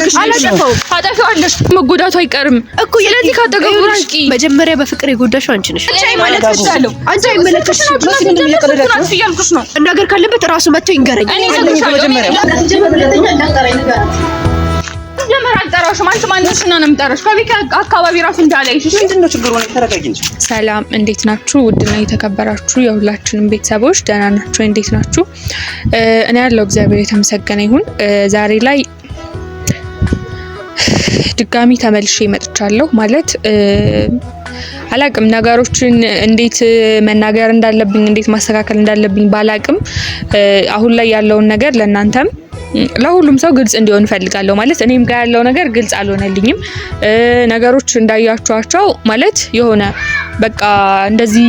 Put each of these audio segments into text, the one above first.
ትንሽ አላጠፋው አጠፋዋለሽ መጎዳቱ አይቀርም እኮ ስለዚህ ካጠገቡ ራቂ መጀመሪያ በፍቅር የጎዳሽው አንቺ ነሽ ነገር ካለበት እራሱ መጥቶ ይንገረኝ ሰላም እንዴት ናችሁ? ውድና የተከበራችሁ የሁላችንም ቤተሰቦች ደህና ናችሁ? እንዴት ናችሁ? እኔ ያለው እግዚአብሔር የተመሰገነ ይሁን። ዛሬ ላይ ድጋሚ ተመልሼ መጥቻለሁ። ማለት አላቅም ነገሮችን እንዴት መናገር እንዳለብኝ እንዴት ማስተካከል እንዳለብኝ ባላቅም አሁን ላይ ያለውን ነገር ለእናንተም ለሁሉም ሰው ግልጽ እንዲሆን እፈልጋለሁ። ማለት እኔም ጋር ያለው ነገር ግልጽ አልሆነልኝም። ነገሮች እንዳያችኋቸው ማለት የሆነ በቃ እንደዚህ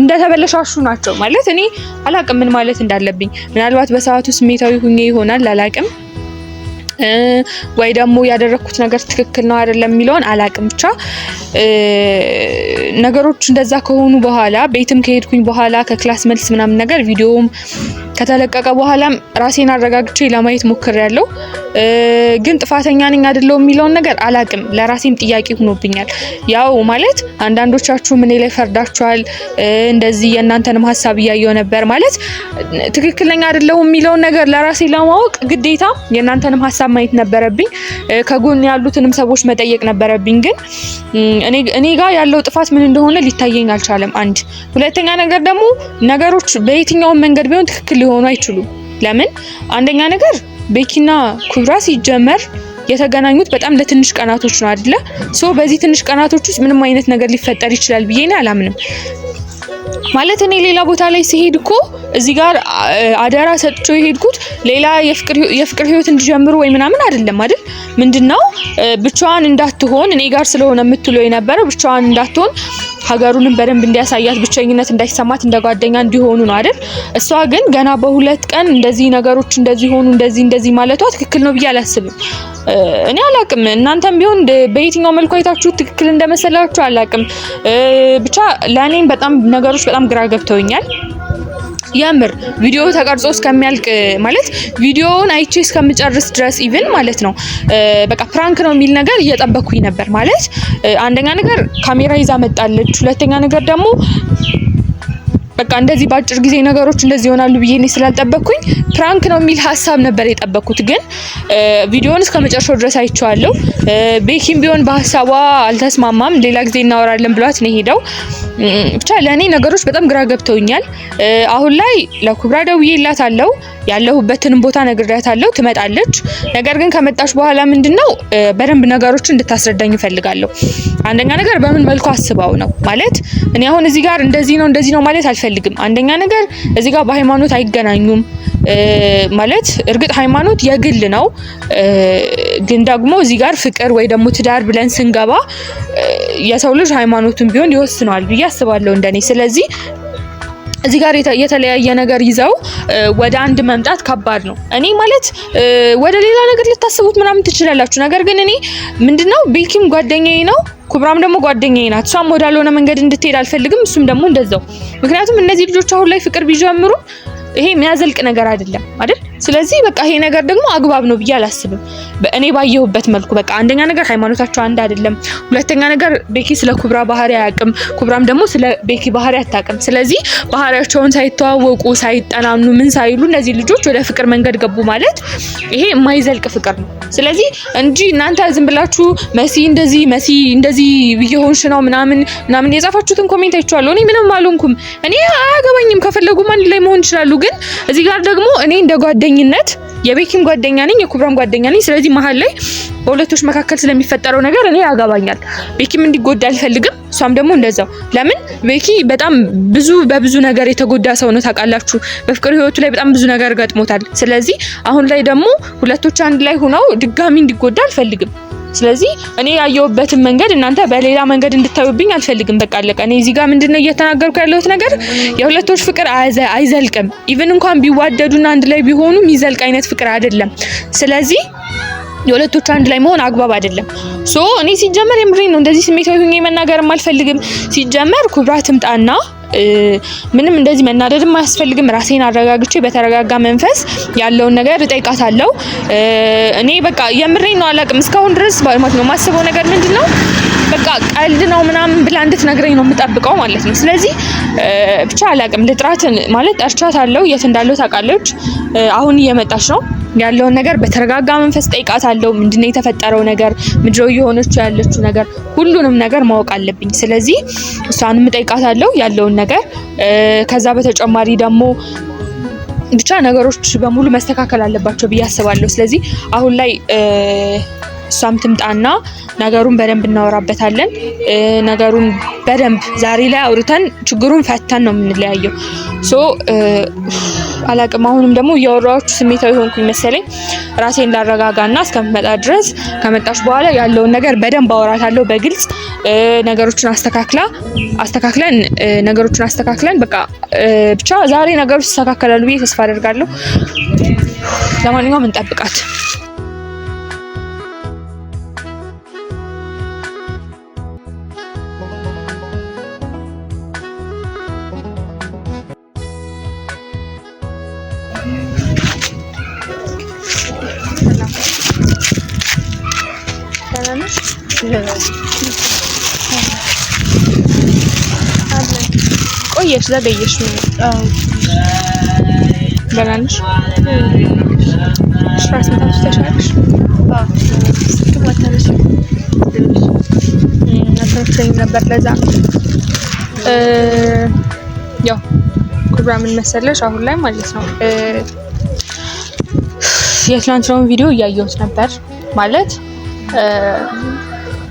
እንደተበለሻሹ ናቸው። ማለት እኔ አላቅም ምን ማለት እንዳለብኝ። ምናልባት በሰዓቱ ስሜታዊ ሁኜ ይሆናል አላቅም። ወይ ደግሞ ያደረግኩት ነገር ትክክል ነው አይደለም የሚለውን አላቅም። ብቻ ነገሮች እንደዛ ከሆኑ በኋላ ቤትም ከሄድኩኝ በኋላ ከክላስ መልስ ምናምን ነገር ቪዲዮም ከተለቀቀ በኋላም ራሴን አረጋግቼ ለማየት ሞክሬያለሁ። ግን ጥፋተኛ ነኝ አይደለው የሚለውን ነገር አላቅም። ለራሴም ጥያቄ ሆኖብኛል። ያው ማለት አንዳንዶቻችሁ ምን ላይ ፈርዳችኋል። እንደዚህ የእናንተንም ሀሳብ እያየው ነበር ማለት ትክክለኛ አይደለሁም የሚለውን ነገር ለራሴ ለማወቅ ግዴታ የእናንተንም ሀሳብ ማየት ነበረብኝ። ከጎን ያሉትንም ሰዎች መጠየቅ ነበረብኝ። ግን እኔ ጋር ያለው ጥፋት ምን እንደሆነ ሊታየኝ አልቻለም። አንድ ሁለተኛ ነገር ደግሞ ነገሮች በየትኛውም መንገድ ቢሆን ትክክል ሊሆኑ አይችሉም። ለምን አንደኛ ነገር ቤኪና ኩብራ ሲጀመር የተገናኙት በጣም ለትንሽ ቀናቶች ነው አይደለ? ሶ በዚህ ትንሽ ቀናቶች ውስጥ ምንም አይነት ነገር ሊፈጠር ይችላል ብዬ እኔ አላምንም። ማለት እኔ ሌላ ቦታ ላይ ሲሄድ እኮ እዚህ ጋር አደራ ሰጥቼው የሄድኩት ሌላ የፍቅር ህይወት እንዲጀምሩ ወይ ምናምን አይደለም አይደል? ምንድነው ብቻዋን እንዳትሆን እኔ ጋር ስለሆነ የምትለው የነበረ ብቻዋን እንዳትሆን ሀገሩንም በደንብ እንዲያሳያት ብቸኝነት እንዳይሰማት እንደ ጓደኛ እንዲሆኑ ነው አይደል? እሷ ግን ገና በሁለት ቀን እንደዚህ ነገሮች እንደዚህ ሆኑ እንደዚህ እንደዚህ ማለቷ ትክክል ነው ብዬ አላስብም። እኔ አላቅም፣ እናንተም ቢሆን በየትኛው መልኩ አይታችሁ ትክክል እንደመሰላችሁ አላቅም። ብቻ ለእኔም በጣም ነገሮች በጣም ግራ ገብተውኛል። የምር ቪዲዮ ተቀርጾ እስከሚያልቅ ማለት ቪዲዮውን አይቼ እስከምጨርስ ድረስ ኢቭን ማለት ነው በቃ ፕራንክ ነው የሚል ነገር እየጠበኩኝ ነበር። ማለት አንደኛ ነገር ካሜራ ይዛ መጣለች፣ ሁለተኛ ነገር ደግሞ በቃ እንደዚህ በአጭር ጊዜ ነገሮች እንደዚህ ይሆናሉ ብዬ እኔ ስላልጠበቅኩኝ ፕራንክ ነው የሚል ሀሳብ ነበር የጠበቅኩት። ግን ቪዲዮውን እስከ መጨረሻው ድረስ አይቼዋለሁ። ቤኪም ቢሆን በሀሳቧ አልተስማማም። ሌላ ጊዜ እናወራለን ብሏት ነው ሄደው። ብቻ ለእኔ ነገሮች በጣም ግራ ገብተውኛል። አሁን ላይ ለኩብራ ደውዬላት አለው ያለሁበትንም ቦታ አለው ትመጣለች። ነገር ግን ከመጣች በኋላ ምንድን ነው በደንብ ነገሮችን እንድታስረዳኝ እፈልጋለሁ። አንደኛ ነገር በምን መልኩ አስባው ነው ማለት እኔ አሁን እዚህ ጋር እንደዚህ ነው እንደዚህ ነው ማለት አልፈልግም አልፈልግም። አንደኛ ነገር እዚህ ጋር በሃይማኖት አይገናኙም። ማለት እርግጥ ሃይማኖት የግል ነው፣ ግን ደግሞ እዚህ ጋር ፍቅር ወይ ደግሞ ትዳር ብለን ስንገባ የሰው ልጅ ሃይማኖቱን ቢሆን ይወስነዋል ብዬ አስባለሁ እንደኔ። ስለዚህ እዚህ ጋር የተለያየ ነገር ይዘው ወደ አንድ መምጣት ከባድ ነው። እኔ ማለት ወደ ሌላ ነገር ልታስቡት ምናምን ትችላላችሁ። ነገር ግን እኔ ምንድነው ቢልኪም ጓደኛዬ ነው ኩብራም ደግሞ ጓደኛዬ ናት። እሷም ወዳልሆነ መንገድ እንድትሄድ አልፈልግም፣ እሱም ደግሞ እንደዛው። ምክንያቱም እነዚህ ልጆች አሁን ላይ ፍቅር ቢጀምሩ ይሄ የሚያዘልቅ ነገር አይደለም አይደል? ስለዚህ በቃ ይሄ ነገር ደግሞ አግባብ ነው ብዬ አላስብም። እኔ ባየሁበት መልኩ በቃ አንደኛ ነገር ሃይማኖታቸው አንድ አይደለም፣ ሁለተኛ ነገር ቤኪ ስለ ኩብራ ባህሪ አያውቅም፣ ኩብራም ደግሞ ስለ ቤኪ ባህሪ አታውቅም። ስለዚህ ባህሪያቸውን ሳይተዋወቁ ሳይጠናኑ ምን ሳይሉ እነዚህ ልጆች ወደ ፍቅር መንገድ ገቡ ማለት ይሄ የማይዘልቅ ፍቅር ነው። ስለዚህ እንጂ እናንተ ዝም ብላችሁ መሲ እንደዚህ መሲ እንደዚህ እየሆንሽ ነው ምናምን ምናምን የጻፋችሁትን ኮሜንት አይቼዋለሁ። እኔ ምንም አልሆንኩም፣ እኔ አያገባኝም። ከፈለጉ ማን ላይ መሆን ይችላሉ። ግን እዚህ ጋር ደግሞ እኔ እንደ ጓደኛ በእርግጠኝነት የቤኪም ጓደኛ ነኝ፣ የኩብራም ጓደኛ ነኝ። ስለዚህ መሀል ላይ በሁለቶች መካከል ስለሚፈጠረው ነገር እኔ ያገባኛል። ቤኪም እንዲጎዳ አልፈልግም፣ እሷም ደግሞ እንደዛው። ለምን ቤኪ በጣም ብዙ በብዙ ነገር የተጎዳ ሰው ነው ታውቃላችሁ። በፍቅር ህይወቱ ላይ በጣም ብዙ ነገር ገጥሞታል። ስለዚህ አሁን ላይ ደግሞ ሁለቶች አንድ ላይ ሆነው ድጋሚ እንዲጎዳ አልፈልግም። ስለዚህ እኔ ያየሁበትን መንገድ እናንተ በሌላ መንገድ እንድታዩብኝ አልፈልግም። በቃ አለቀ። እኔ እዚህ ጋር ምንድነው እየተናገርኩ ያለሁት ነገር የሁለቶች ፍቅር አይዘልቅም። ኢቭን እንኳን ቢዋደዱና አንድ ላይ ቢሆኑ የሚዘልቅ አይነት ፍቅር አይደለም። ስለዚህ የሁለቶቹ አንድ ላይ መሆን አግባብ አይደለም። ሶ እኔ ሲጀመር የምሬን ነው እንደዚህ ስሜታዊ ሆኜ መናገርም አልፈልግም። ሲጀመር ኩብራ ትምጣና ምንም እንደዚህ መናደድም አያስፈልግም። ራሴን አረጋግቼ በተረጋጋ መንፈስ ያለውን ነገር እጠይቃታለሁ። እኔ በቃ የምሬ ነው አላውቅም። እስካሁን ድረስ ማለት ነው የማስበው ነገር ምንድን ነው በቃ ቀልድ ነው ምናምን ብላ እንድትነግረኝ ነው የምጠብቀው ማለት ነው። ስለዚህ ብቻ አላውቅም ልጥራት ማለት አለው የት እንዳለው ታውቃለች። አሁን እየመጣች ነው። ያለውን ነገር በተረጋጋ መንፈስ ጠይቃታለሁ። ምንድነው የተፈጠረው ነገር፣ ምድሮ እየሆነች ያለችው ነገር፣ ሁሉንም ነገር ማወቅ አለብኝ። ስለዚህ እሷንም ጠይቃታለሁ ያለውን ነገር። ከዛ በተጨማሪ ደግሞ ብቻ ነገሮች በሙሉ መስተካከል አለባቸው ብዬ አስባለሁ። ስለዚህ አሁን ላይ እሷም ትምጣና ነገሩን በደንብ እናወራበታለን። ነገሩን በደንብ ዛሬ ላይ አውርተን ችግሩን ፈተን ነው የምንለያየው። ሶ አላቅም። አሁንም ደግሞ እያወራዎቹ ስሜታዊ ሆንኩኝ መሰለኝ። ራሴን ላረጋጋና እስከምትመጣ ድረስ ከመጣች በኋላ ያለውን ነገር በደንብ አወራታለሁ። በግልጽ ነገሮችን አስተካክላ አስተካክለን ነገሮችን አስተካክለን በቃ ብቻ ዛሬ ነገሮች ይስተካከላሉ ብዬ ተስፋ አደርጋለሁ። ለማንኛውም እንጠብቃት። ቆየሽ፣ ዘገየሽ። ደህና ነሽ? ነበር ለዛ ያው ኩብራ መሰለሽ አሁን ላይ ማለት ነው የትናንትናውን ቪዲዮ እያየሁት ነበር ማለት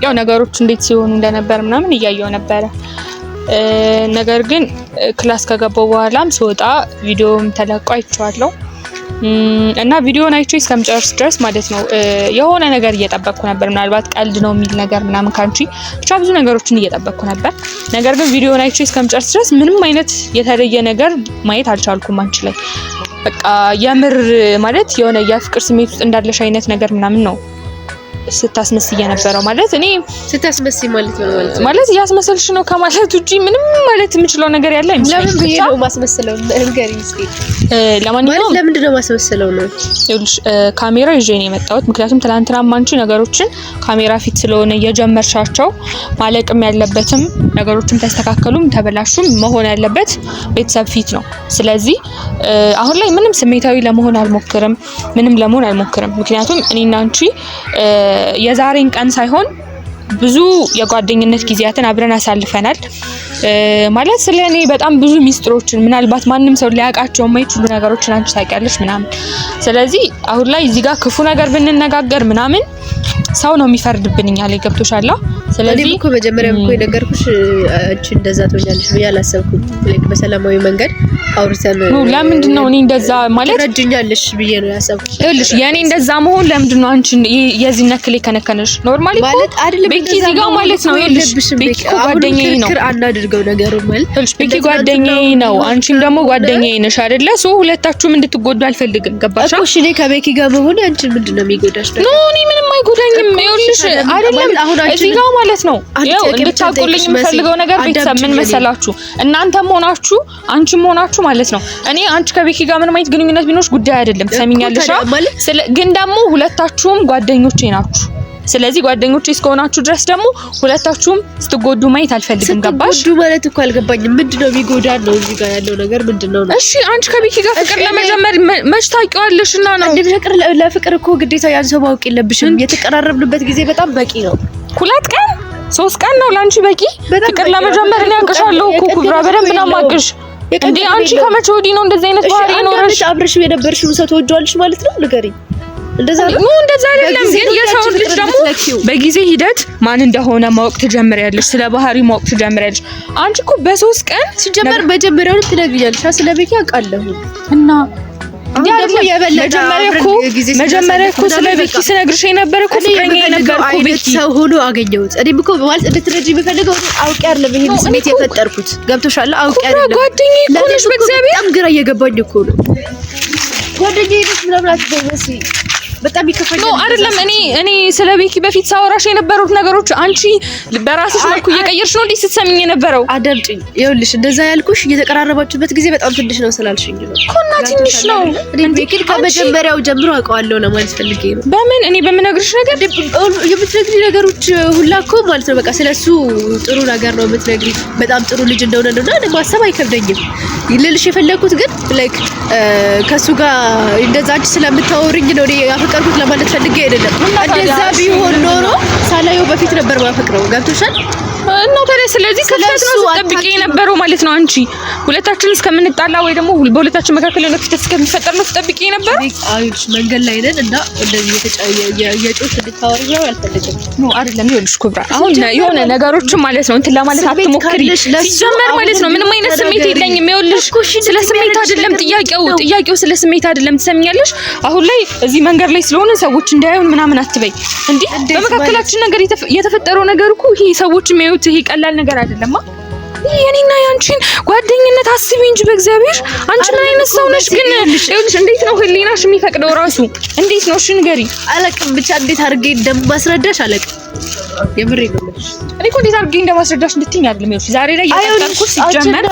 ያው ነገሮች እንዴት ሲሆኑ እንደነበር ምናምን እያየው ነበረ። ነገር ግን ክላስ ከገባው በኋላም ስወጣ ቪዲዮም ተለቆ አይቼዋለሁ እና ቪዲዮን አይቼ እስከምጨርስ ድረስ ማለት ነው የሆነ ነገር እየጠበቅኩ ነበር። ምናልባት ቀልድ ነው የሚል ነገር ምናምን ካንቺ ብቻ ብዙ ነገሮችን እየጠበቅኩ ነበር። ነገር ግን ቪዲዮን አይቼ እስከምጨርስ ድረስ ምንም አይነት የተለየ ነገር ማየት አልቻልኩም አንቺ ላይ በቃ የምር ማለት የሆነ የፍቅር ስሜት ውስጥ እንዳለሽ አይነት ነገር ምናምን ነው ስታስመስ እየነበረው ማለት እኔ ስታስመስ ማለት ነው ማለት ያስመሰልሽ ነው ከማለት ውጪ ምንም ማለት የምችለው ነገር ያለ አይመስለኝም። ለምን ብዬሽ ነው ማስመሰለው ነገር ይስኪት ለማንኛውም ለምንድን ነው ነው ካሜራ ይዤ ነው የመጣሁት። ምክንያቱም ትናንትና ማንቺ ነገሮችን ካሜራ ፊት ስለሆነ የጀመርሻቸው ማለቅም ያለበትም ነገሮችም ተስተካከሉም ተበላሹም መሆን ያለበት ቤተሰብ ፊት ነው። ስለዚህ አሁን ላይ ምንም ስሜታዊ ለመሆን አልሞክርም፣ ምንም ለመሆን አልሞክርም። ምክንያቱም እኔና አንቺ የዛሬን ቀን ሳይሆን ብዙ የጓደኝነት ጊዜያትን አብረን አሳልፈናል። ማለት ስለ እኔ በጣም ብዙ ሚስጥሮችን ምናልባት ማንም ሰው ሊያውቃቸው የማይችሉ ነገሮችን አንቺ ታውቂያለሽ ምናምን። ስለዚህ አሁን ላይ እዚህ ጋር ክፉ ነገር ብንነጋገር ምናምን ሰው ነው የሚፈርድብን እኛ ላይ ገብቶሻል። ስለዚህ እኮ መጀመሪያም እኮ የነገርኩሽ እቺ እንደዛ ትሆኛለሽ ብዬ አላሰብኩም። ላይክ በሰላማዊ መንገድ አውርተን ነው። ለምንድን ነው እኔ እንደዛ ማለት ትረጅኛለሽ ብዬ ነው ያሰብኩት። እልሽ የኔ እንደዛ መሆን ለምንድን ነው አንቺ የዚህ ነክሌ ከነከነሽ? ኖርማሊ ማለት አይደለም ቤኪ እዚህ ጋር ማለት ነው። እልሽ ቤኪ እኮ ጓደኛዬ ነው። ክር አናድርገው ነገሩ ማለት እልሽ ቤኪ ጓደኛዬ ነው፣ አንቺም ደግሞ ጓደኛዬ ነሽ አይደለ? ሶ ሁለታችሁም እንድትጎዱ አልፈልግም። ገባሽ? እሺ እኔ ከቤኪ ጋር መሆን አንቺ ምንድን ነው የሚጎዳሽ? ኖ እኔ ምንም አይጎዳኝም። ይኸውልሽ አይደለም አሁን አንቺ እዚህ ጋር ማለት ነው። ይኸው እንድታውቁልኝ የምፈልገው ነገር ቤተሰብ ምን መሰላችሁ፣ እናንተም ሆናችሁ አንቺም ሆናችሁ ማለት ነው። እኔ አንቺ ከቤኪ ጋር ምንም አይነት ግንኙነት ቢኖርሽ ጉዳይ አይደለም። ትሰሚኛለሽ? ግን ደግሞ ሁለታችሁም ጓደኞቼ ናችሁ ስለዚህ ጓደኞቼ እስከሆናችሁ ድረስ ደግሞ ሁለታችሁም ስትጎዱ ማየት አልፈልግም። ገባሽ? ስትጎዱ ማለት እኮ አልገባኝም። ምንድነው የሚጎዳን ነው እዚህ ጋር ያለው ነገር ምንድነው ነው? እሺ አንቺ ከቢኪ ጋር ፍቅር ለመጀመር መች ታውቂዋለሽ? እና ነው እንደ ፍቅር ለፍቅር እኮ ግዴታ ያን ሰው ማወቅ የለብሽም። የተቀራረብንበት ጊዜ በጣም በቂ ነው። ሁለት ቀን ሶስት ቀን ነው ለአንቺ በቂ ፍቅር ለመጀመር። እኔ አውቅሻለሁ እኮ ኩብራ በደንብ ነው የማውቅሽ። እንዴ አንቺ ከመቼ ወዲህ ነው እንደዚህ አይነት ባህሪ ነው? አንቺ አብረሽ የነበርሽው ሰው ተወዷልሽ ማለት ነው? ንገሪኝ እንደዛ አይደለም። ግን የሰው ልጅ ደግሞ በጊዜ ሂደት ማን እንደሆነ ማወቅ ትጀምሪያለሽ፣ ስለ ባህሪ ማወቅ ትጀምሪያለሽ። አንቺ እኮ በሶስት ቀን ሲጀመር መጀመሪያው ልክ ትነግሪያለሽ፣ ስለ ቤት ያውቃለሁ እና መጀመሪያ እኮ ስለ ቤኪ ስነግርሽ የነበረ እኮ ፍቅረኛ የነበርኩ ቤኪ ሰው ሆኖ አገኘሁት። እኔም እኮ ማለት እንድትረጂ የምፈልገው አውቄ አይደለም ይሄን ስሜት የፈጠርኩት። ገብቶሻል? አውቄ አይደለም ጓደኛዬ እኮ ነሽ። በእግዚአብሔር በጣም ግራ እየገባኝ እኮ ነው What did you just love በጣም ይከፈኛል። ነው አይደለም? እኔ እኔ ስለ ቤኪ በፊት ሳወራሽ የነበሩት ነገሮች አንቺ በራስሽ መልኩ እየቀየርሽ ነው እንዴ ስትሰሚኝ የነበረው? አዳምጪኝ። ይኸውልሽ እንደዛ ያልኩሽ እየተቀራረባችሁበት ጊዜ በጣም ትንሽ ነው ስላልሽኝ ነው እኮ እና ትንሽ ነው እንዴ? ቤኪ ከመጀመሪያው ጀምሮ አውቀዋለሁ ነው ማለት ፈልጌ ነው። በምን እኔ በምነግርሽ ነገር የምትነግሪ ነገሮች ሁላ እኮ ማለት ነው በቃ ስለሱ ጥሩ ነገር ነው የምትነግሪ፣ በጣም ጥሩ ልጅ እንደሆነ ነው። እንደሆነ ማሰብ አይከብደኝም። ልልሽ የፈለኩት ግን ላይክ ከሱ ጋር እንደዛ አንቺ ስለምታወሪኝ ነው እኔ አፈቀርኩት ለማለት ፈልጌ አይደለም። እንደዛ ቢሆን ኖሮ ሳላየው በፊት ነበር ማፈቅረው። ገብቶሻል? እና ታዲያ ስለዚህ ከፍተት ነው ስትጠብቂ የነበረው ማለት ነው። አንቺ ሁለታችን እስከምንጣላ ወይ ደግሞ በሁለታችን መካከል ያለው ክፍተት እስከሚፈጠር ነው ስትጠብቂ የነበረው። አይሽ መንገድ ላይ ነን እና እንደዚህ የተጫየ የጮሽ እንድታወሪ ነው ያልፈልግም ነው አይደለም። ይኸውልሽ ኩብራ አሁን የሆነ ነገሮችን ማለት ነው እንትን ለማለት አትሞክሪ። ሲጀመር ማለት ነው ምንም አይነት ስሜት የለኝም። ይኸውልሽ ስለ ስሜት አይደለም ጥያቄው ጥያቄው ስለ ስሜት አይደለም። ትሰሚኛለሽ? አሁን ላይ እዚህ መንገድ ላይ ስለሆነ ሰዎች እንዳያዩን ምናምን አትበይ። እንዲህ በመካከላችን ነገር የተፈጠረው ነገር እኮ ይሄ ሰዎች የሚያዩት ህይወት ይሄ ቀላል ነገር አይደለም። የኔና ያንቺን ጓደኝነት አስቢ እንጂ በእግዚአብሔር። አንቺ ምን አይነት ሰው ነሽ ግን? ይኸውልሽ እንዴት ነው ህሊናሽ የሚፈቅደው ራሱ እንዴት ነው? እሺ ንገሪ። አለቅም ብቻ እንዴት አድርጌ እንደማስረዳሽ አለቅም። የምሬ ነው። እኔ እኮ እንዴት አድርጌ እንደማስረዳሽ እንድትይኝ አይደለም። ይኸውልሽ ዛሬ ላይ ያጠቃልኩ ሲጀመር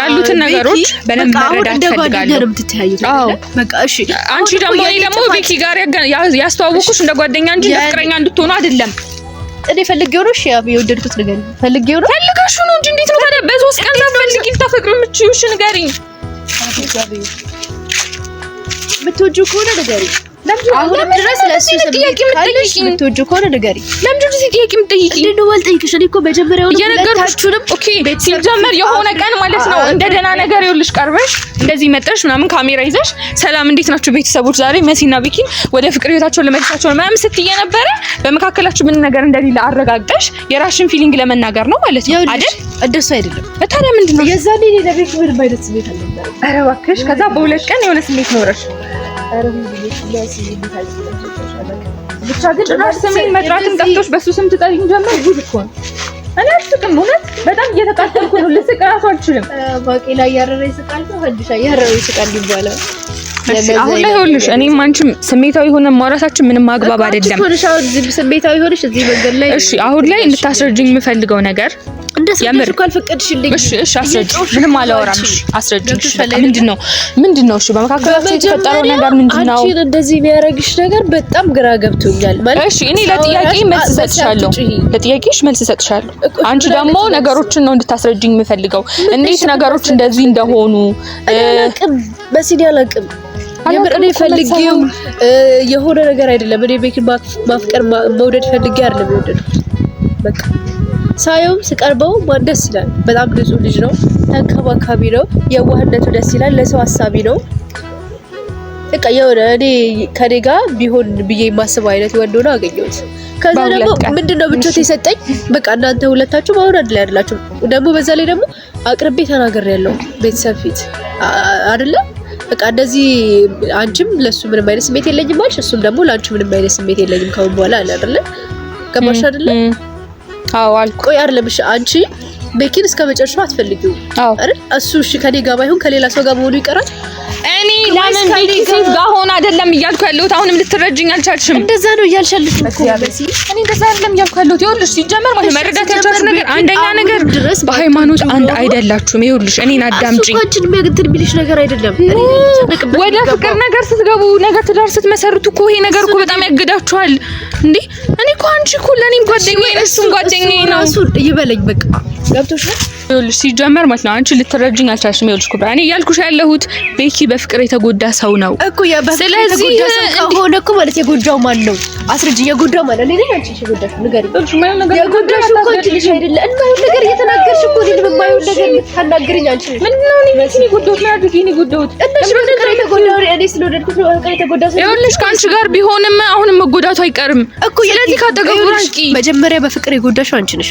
ያሉትን ነገሮች በደንብ መረዳት ፈልጋለሁ። አዎ በቃ እሺ። አንቺ ደግሞ እኔ ደግሞ ቤኪ ጋር ያስተዋወኩሽ እንደ ጓደኛ እንጂ እንደ ፍቅረኛ እንድትሆኑ አይደለም። እኔ ፈልጌው ነው። እሺ ያብ የወደድኩት ነገር ፈልጌው ነው። ፈልገሽው ነው እንጂ እንዴት ነው ታዲያ? በሶስት ቀን ፈልጊ ልታፈቅሪው የምትችይው? እሺ ንገሪኝ። ብትወጂው ከሆነ ንገሪኝ። አሁንም ሲጀመር የሆነ ቀን ማለት ነው እንደ ደህና ነገር ይኸውልሽ፣ ቀርበሽ እንደዚህ መጠሽ ምናምን ካሜራ ይዘሽ ሰላም፣ እንዴት ናቸው ቤተሰቦች፣ ዛሬ መሲና ቢኪን ወደ ፍቅር ህይወታቸው ለመልሳቸው ምናምን ስትይ የነበረ በመካከላችሁ ምን ነገር እንደሌለ አረጋግጠሽ የራሽን ፊሊንግ ለመናገር ነው ማለት ነው አይደል? እንደሱ አይደለም። ታዲያ ምንድን ነው ኧረ እባክሽ። ከዛ በሁለት ቀን የሆነ ስሜት ኖረሽ ብቻ ግን ጭራሽ ስሜን መጥራትን ጠፍቶሽ በእሱ ስም ትጠሪኝ ጀመር። ጉድ እኮ ነው። እኔ አልስቅም፣ እውነት በጣም እየተቃጠልኩ ነው። ልስቅ እራሱ አልችልም። ባቄላ እያረረ ይስቃል፣ እያረረ ይስቃል ይባላል። አሁን ላይ እኔም አንቺም ስሜታዊ ሆነ ማውራታችን ምንም አግባብ አይደለም። ስሜታዊ እዚህ መንገድ ላይ እሺ፣ አሁን ላይ እንድታስረጅኝ የምፈልገው ነገር እሺ አስረጅ። ምንም አላወራም። አስረጅ። ምንድን ነው ምንድን ነው? እሺ በመካከላችሁ የተፈጠረው ነገር ምንድን ነው? አንቺን እንደዚህ የሚያደርግሽ ነገር በጣም ግራ ገብቶኛል። ማለት እሺ እኔ ለጥያቄ መልስ እሰጥሻለሁ፣ ለጥያቄሽ መልስ እሰጥሻለሁ። አንቺ ደግሞ ነገሮችን ነው እንድታስረጅኝ የምፈልገው፣ እንዴት ነገሮች እንደዚህ እንደሆኑ በሲዲ አላቅም የምር እኔ ፈልጌው የሆነ ነገር አይደለም። እኔ ቤኪ ማፍቀር መውደድ ፈልጌ አይደለም የወደድኩት በቃ ሳየውም ስቀርበው ደስ ይላል። በጣም ብዙ ልጅ ነው፣ ተንከባካቢ ነው፣ የዋህነቱ ደስ ይላል፣ ለሰው ሀሳቢ ነው። በቃ የሆነ እኔ ከኔ ጋር ቢሆን ብዬ የማስበው አይነት ወንድ ሆኖ አገኘሁት። ከዛ ደግሞ ምንድን ነው ምቾት የሰጠኝ በቃ እናንተ ሁለታችሁም አሁን አንድ ላይ አይደላችሁም። ደግሞ በዛ ላይ ደግሞ አቅርቤ ተናገር ያለው ቤተሰብ ፊት አይደለም በቃ እንደዚህ አንቺም ለሱ ምንም አይነት ስሜት የለኝም አልሽ፣ እሱም ደግሞ ለአንቺ ምንም አይነት ስሜት የለኝም ከሁን በኋላ አለ አይደለ ገባሽ አይደለ አዎ አልኩ። ቆይ አይደለም እሺ፣ አንቺ ቤኪን እስከ መጨረሻው አትፈልጊው አይደል? እሱ እሺ፣ ከኔ ጋር ባይሆን ከሌላ ሰው ጋር መሆኑ ይቀራል። እኔ ለምን ቤኪ ሴት ጋር ሆነ አይደለም እያልኩ ያለሁት። አሁንም ልትረጅኝ አልቻልሽም። እንደዛ ነው እያልሽ ያለሽ። እኔ እንደዛ አይደለም እያልኩ ያለሁት። ይኸውልሽ ሲጀመር ማለት መረዳት ያልቻልሽ ነገር አንደኛ ነገር ድረስ በሃይማኖት አንድ አይደላችሁም። ይኸውልሽ እኔን አዳምጪኝ። አንቺን የሚያገድል ቢልሽ ነገር አይደለም። ወደ ፍቅር ነገር ስትገቡ ነገር ትዳር ስትመሰርቱ እኮ ይሄ ነገር እኮ በጣም ያግዳችኋል እንዴ። እኔ እኮ አንቺ እኮ ለኔም ጓደኛዬ እሱም ጓደኛዬ ነው። እሱ ይበለኝ በቃ ገብቶሻል። ይኸውልሽ ሲጀመር ማለት ነው አንቺ ልትረጅኝ አልቻልሽም። ይኸውልሽ ኩብራ፣ እኔ እያልኩሽ ያለሁት ቤኪ በፍቅር የተጎዳ ሰው ነው እኮ ያ በፍቅር የተጎዳ ሰው ከሆነ እኮ ማለት የጎዳው ማን ነው? አስረጅኝ። የጎዳው ማለት ነው? አንቺ ነገር የጎዳሽ እኮ ልጅ አይደለ ነገር እኮ ልጅ ነገር አንቺ ምን ነው ነው በፍቅር የተጎዳው በፍቅር የተጎዳ ሰው ከአንቺ ጋር ቢሆንም አሁንም መጎዳቱ አይቀርም እኮ። ስለዚህ ካጠገቡ ራቂ። መጀመሪያ በፍቅር የጎዳሽው አንቺ ነሽ።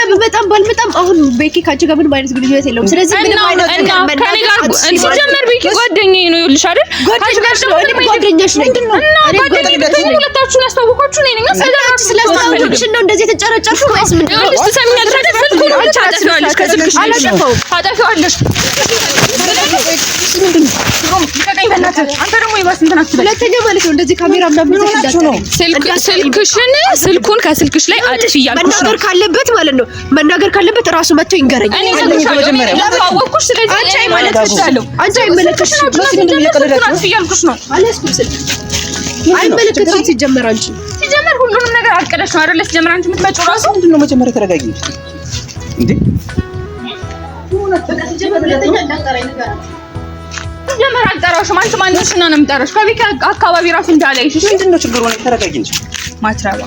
አሁን ቤኪ ካንቺ ጋር ምንም አይነት ግንኙነት የለውም። ስለዚህ ምንም አይነት ሲጀመር ቤኪ ጓደኛዬ ነው ይልሽ አይደል? ጓደኛሽ ነው እኔ ጓደኛሽ ነኝ እና ጓደኛዬ ነው። ሁለታችሁን ያስተዋወቃችሁ ነኝ ነው ስለዚህ ነው እንደዚህ የተጨረጨርሽው ወይስ ምንድን ነው? ትሰሚኛለሽ አይደል? ስልኩን ብቻ አጠፊዋለሽ። ከስልክሽ አላጠፋሁም፣ አጠፊዋለሽ። ስልክሽን ስልኩን ከስልክሽ ላይ አጥፊ እያልኩሽ ነው። መናገር ካለበት ማለት ነው መናገር ካለበት ራሱ መጥቶ ይንገረኝ። እኔ ሁሉንም ነገር አቅደሽ ነው አይደለስ? ጀመር አንቺ የምትመጪው ራሱ ምንድን ነው? መጀመሪያ ተረጋጊ እንዴ! ጀመር አልጠራሽም። አንቺ ማን ነሽ እና ነው የምጠራሽ? ከቤት አካባቢ ራሱ እንዳላይሽ ምንድን ነው ችግሩ? ተረጋጊ እንጂ ማትረባ